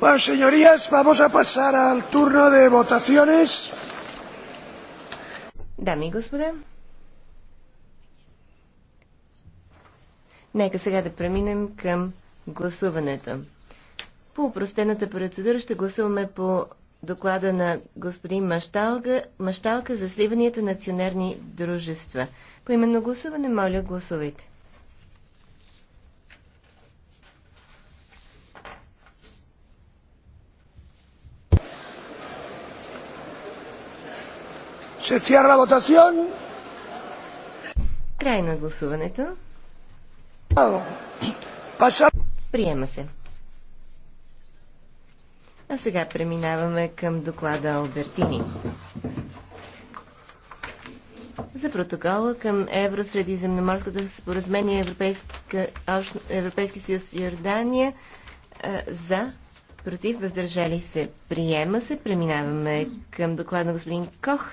señorías, vamos a pasar al turno de votaciones. Дами и господа, нека сега да преминем към гласуването. По упростената процедура ще гласуваме по доклада на господин Машталга, Машталка за сливанията на акционерни дружества. По именно гласуване, моля, гласувайте. Се cierra вотацион. Край на гласуването. Приема се. А сега преминаваме към доклада Албертини. За протокола към Евросредиземноморското споразумение Европейски съюз Йордания за против въздържали се приема се. Преминаваме към доклада на господин Кох.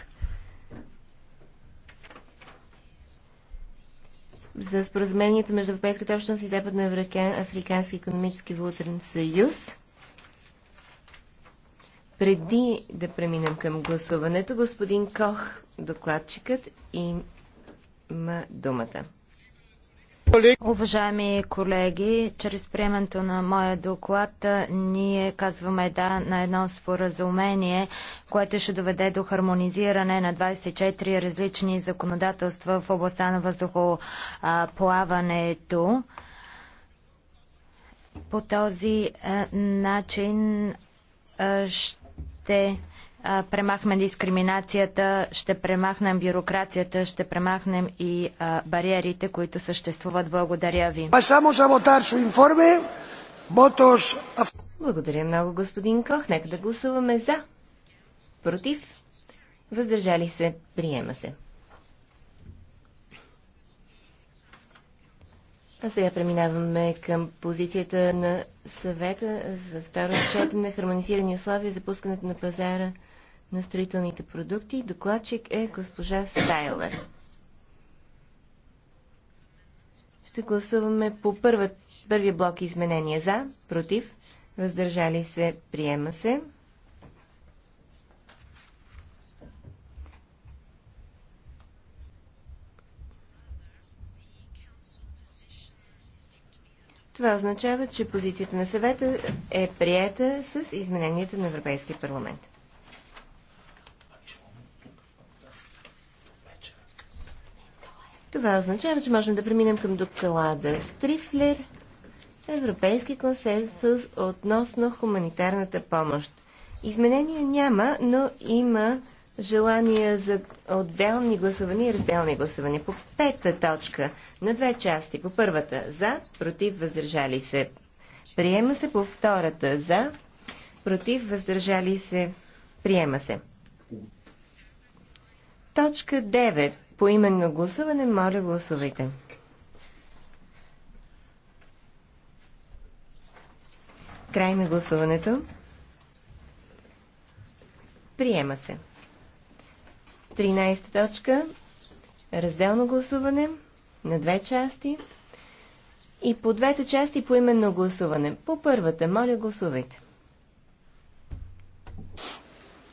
за споразумението между Европейската общност и Западноафрикански економически валутен съюз. Преди да преминем към гласуването, господин Кох, докладчикът, има думата. Уважаеми колеги, чрез приемането на моя доклад ние казваме да на едно споразумение, което ще доведе до хармонизиране на 24 различни законодателства в областта на въздухоплаването. По този начин ще премахме дискриминацията, ще премахнем бюрокрацията, ще премахнем и бариерите, които съществуват. Благодаря ви. Благодаря много, господин Кох. Нека да гласуваме за. Против. Въздържали се. Приема се. А сега преминаваме към позицията на съвета за второ четене на хармонизирани условия за пускането на пазара на строителните продукти. Докладчик е госпожа Стайлер. Ще гласуваме по първа, първия блок изменения за, против, въздържали се, приема се. Това означава, че позицията на съвета е приета с измененията на Европейския парламент. Това означава, че можем да преминем към доклада Стрифлер Европейски консенсус относно хуманитарната помощ. Изменения няма, но има желания за отделни гласувания и разделни гласувания. По пета точка на две части. По първата за, против, въздържали се. Приема се по втората за, против, въздържали се. Приема се. Точка 9 по именно гласуване, моля гласувайте. Край на гласуването. Приема се. 13 точка. Разделно гласуване на две части. И по двете части по именно гласуване. По първата, моля гласувайте.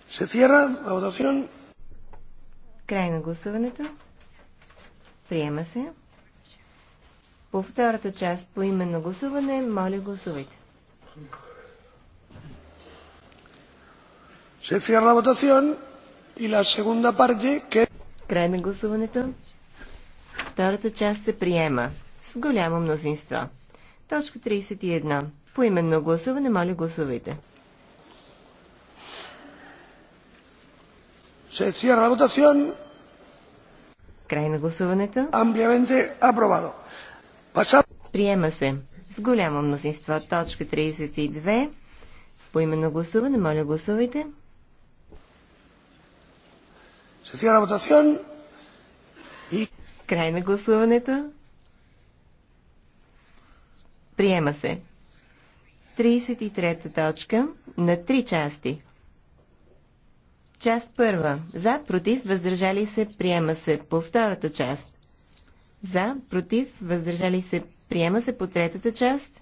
Се цяра, аудацион. Край на гласуването. Приема се. По втората част по именно гласуване, моля гласувайте. Се cierra votación и la сегунда парти, ке... Край на гласуването. Втората част се приема с голямо мнозинство. Точка 31. По именно гласуване, моля гласувайте. Се cierra la votación. Край на гласуването. Ampliamente aprobado. Pasa... Приема се. С голямо мнозинство. Точка 32. По именно гласуване. Моля, гласувайте. Се cierra la votación. И... Край на гласуването. Приема се. 33-та точка на три части. Част първа. За, против, въздържали се, приема се. По втората част. За, против, въздържали се, приема се. По третата част.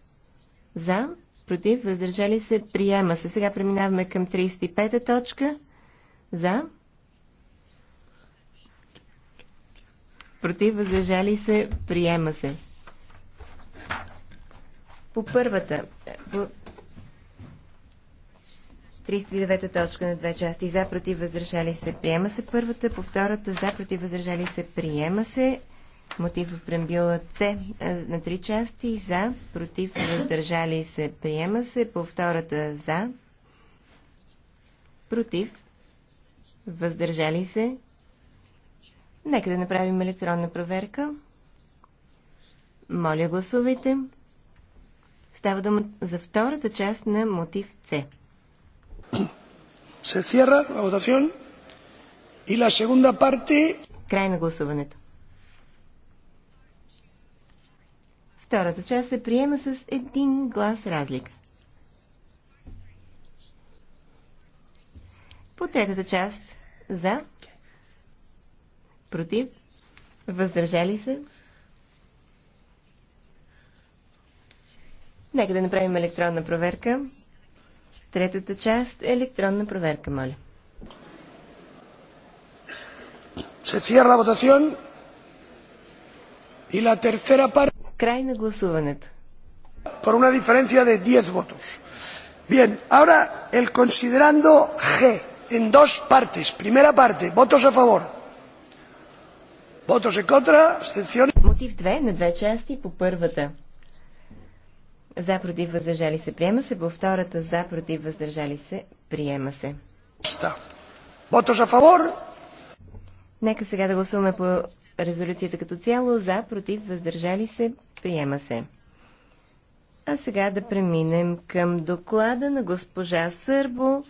За, против, въздържали се, приема се. Сега преминаваме към 35-та точка. За, против, въздържали се, приема се. По първата, по 39 точка на две части. За, против, възражали се, приема се първата. По втората, за, против, възражали се, приема се. Мотив в прембила С е, на три части. За, против, въздържали се, приема се. По втората, за, против, въздържали се. Нека да направим електронна проверка. Моля, гласувайте. Става дума за втората част на мотив С. Се cierra la votación. И la segunda parte... Край на гласуването. Втората част се приема с един глас разлика. По третата част за, против, въздържали се. Нека да направим електронна проверка. Третата част е електронна проверка, моля. Се cierra votación. И la tercera parte. Край на гласуването. Por una diferencia de 10 votos. Bien, ahora el considerando G en dos partes. Primera parte, votos a favor. Votos en contra, abstenciones. Мотив 2 на две части по първата. За против въздържали се приема се. По втората за против въздържали се приема се. Нека сега да гласуваме по резолюцията като цяло. За против въздържали се приема се. А сега да преминем към доклада на госпожа Сърбо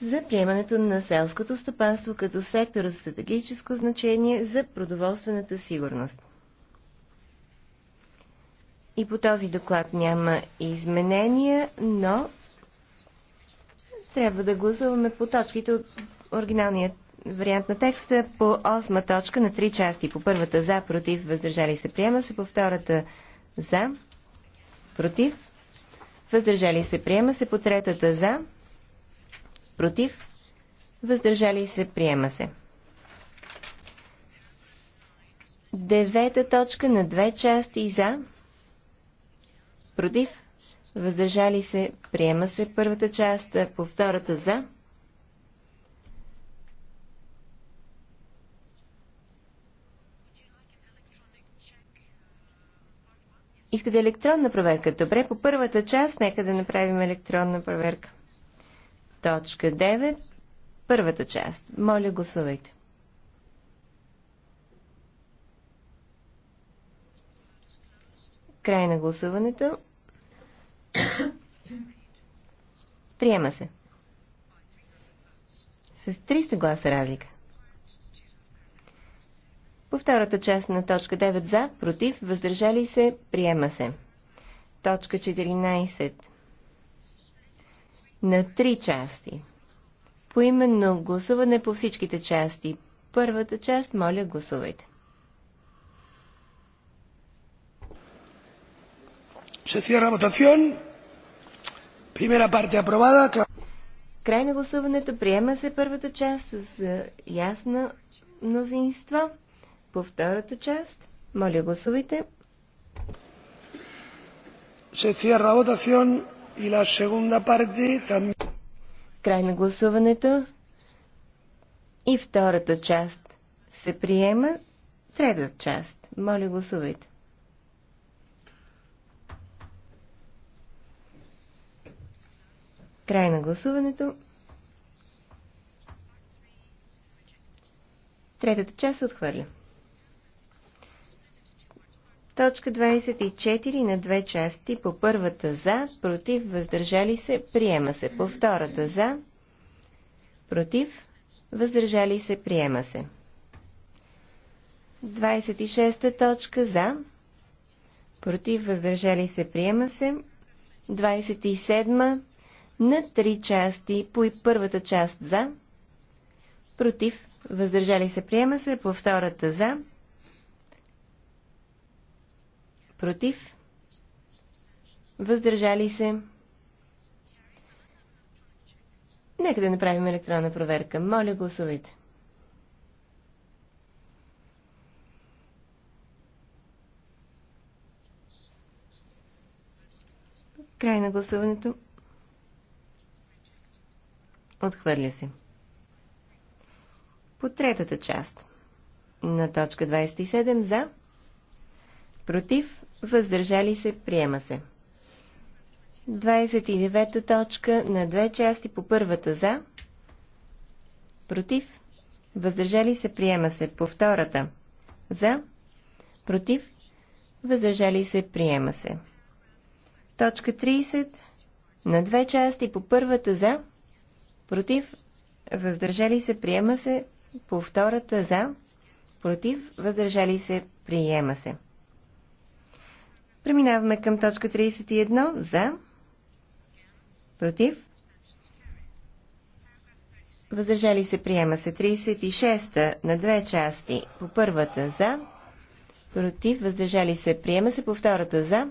за приемането на селското стопанство като сектор с стратегическо значение за продоволствената сигурност. И по този доклад няма изменения, но трябва да гласуваме по точките от оригиналният вариант на текста по осма точка на три части. По първата за, против, въздържали се, приема се. По втората за, против, въздържали се, приема се. По третата за, против, въздържали се, приема се. Девета точка на две части за, против, въздържали се, приема се първата част, по втората за. Искате електронна проверка? Добре, по първата част нека да направим електронна проверка. Точка 9, първата част. Моля, гласувайте. Край на гласуването. Приема се. С 300 гласа разлика. По втората част на точка 9 за, против, въздържали се, приема се. Точка 14. На три части. Поименно гласуване по всичките части. Първата част, моля, гласувайте. Се Край на гласуването приема се първата част с ясна мнозинство. По втората част, моля гласувайте. Се и Край на гласуването. И втората част се приема. Трета част. Моля гласувайте. Край на гласуването. Третата част се отхвърля. Точка 24 на две части. По първата за, против, въздържали се, приема се. По втората за, против, въздържали се, приема се. 26-та точка за, против, въздържали се, приема се. 27 на три части. По първата част за, против, въздържали се, приема се. По втората за, против, въздържали се. Нека да направим електронна проверка. Моля, гласувайте. Край на гласуването. Отхвърля се. По третата част на точка 27 за, против, въздържали се, приема се. 29-та точка на две части по първата за, против, въздържали се, приема се. По втората за, против, въздържали се, приема се. Точка 30 на две части по първата за, против, въздържали се, приема се. По втората за, против, въздържали се, приема се. Преминаваме към точка 31 за, против, въздържали се, приема се. 36-та на две части, по първата за, против, въздържали се, приема се, по втората за,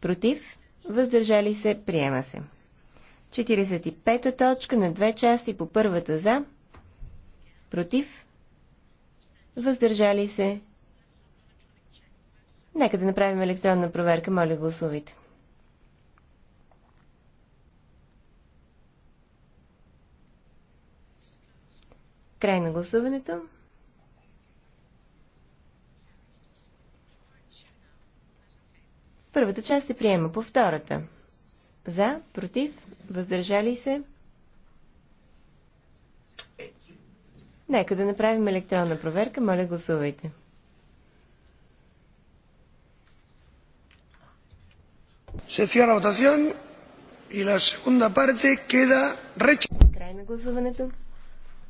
против, въздържали се, приема се. 45-та точка на две части по първата за, против, въздържали се. Нека да направим електронна проверка, моля гласувайте. Край на гласуването. Първата част се приема по втората. За, против, въздържали се. Нека да направим електронна проверка. Моля, гласувайте. Се cierra и на секунда parte кеда реч. Край на гласуването.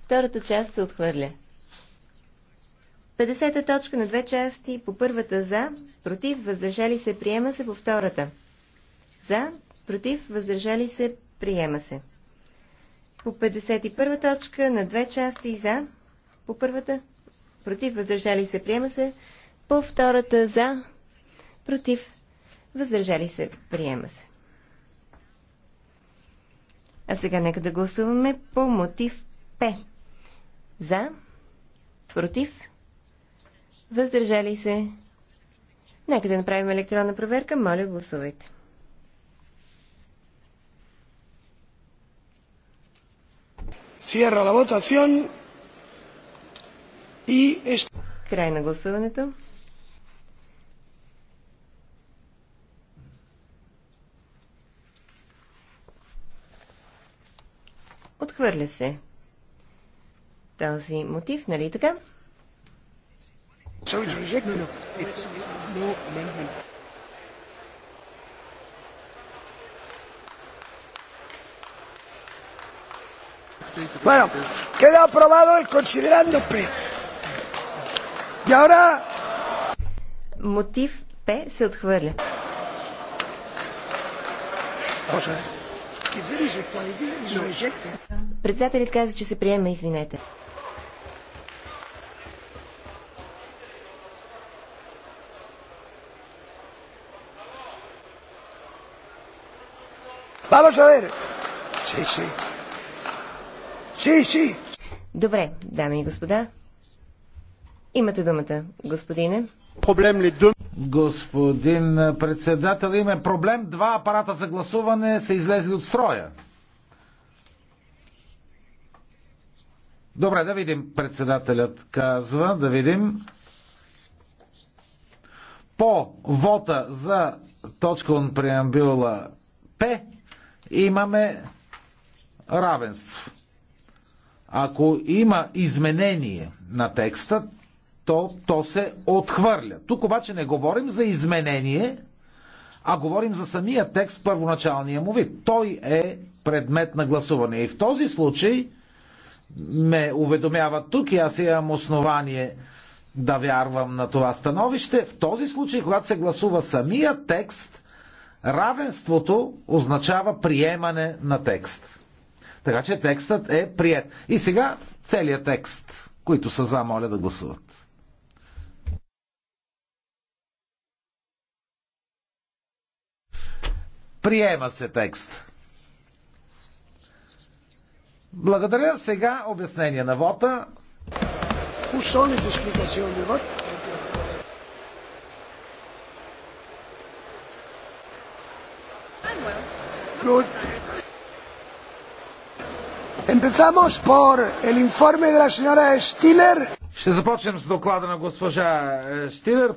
Втората част се отхвърля. 50-та точка на две части по първата за, против, въздържали се, приема се по втората. За, против, въздържали се, приема се. По 51 точка на две части за, по първата, против, въздържали се, приема се, по втората за, против, въздържали се, приема се. А сега нека да гласуваме по мотив П. За, против, въздържали се. Нека да направим електронна проверка. Моля, гласувайте. Cierra la votación. И Край на гласуването. Отхвърля се. Този мотив, нали така? Sorry, it's rejected. It's no Bueno, queda aprobado el considerando P. Y ahora... Motiv P se отхвърля. Председателят каза, че се приема, извинете. Vamos a ver. Sí, sí. Си, си! Добре, дами и господа. Имате думата, господине. Проблем ли дум? Господин председател, има проблем. Два апарата за гласуване са излезли от строя. Добре, да видим, председателят казва, да видим. По вота за точка от преамбюла П имаме равенство. Ако има изменение на текста, то, то се отхвърля. Тук обаче не говорим за изменение, а говорим за самия текст първоначалния му вид. Той е предмет на гласуване. И в този случай ме уведомява тук и аз имам основание да вярвам на това становище. В този случай, когато се гласува самия текст, равенството означава приемане на текст. Така че текстът е прият. И сега целият текст, които са за, моля да гласуват. Приема се текст. Благодаря. Сега обяснение на вота. Good. Empezamos por el informe de la señora Stiller. Ще започнем с доклада на госпожа Штилер.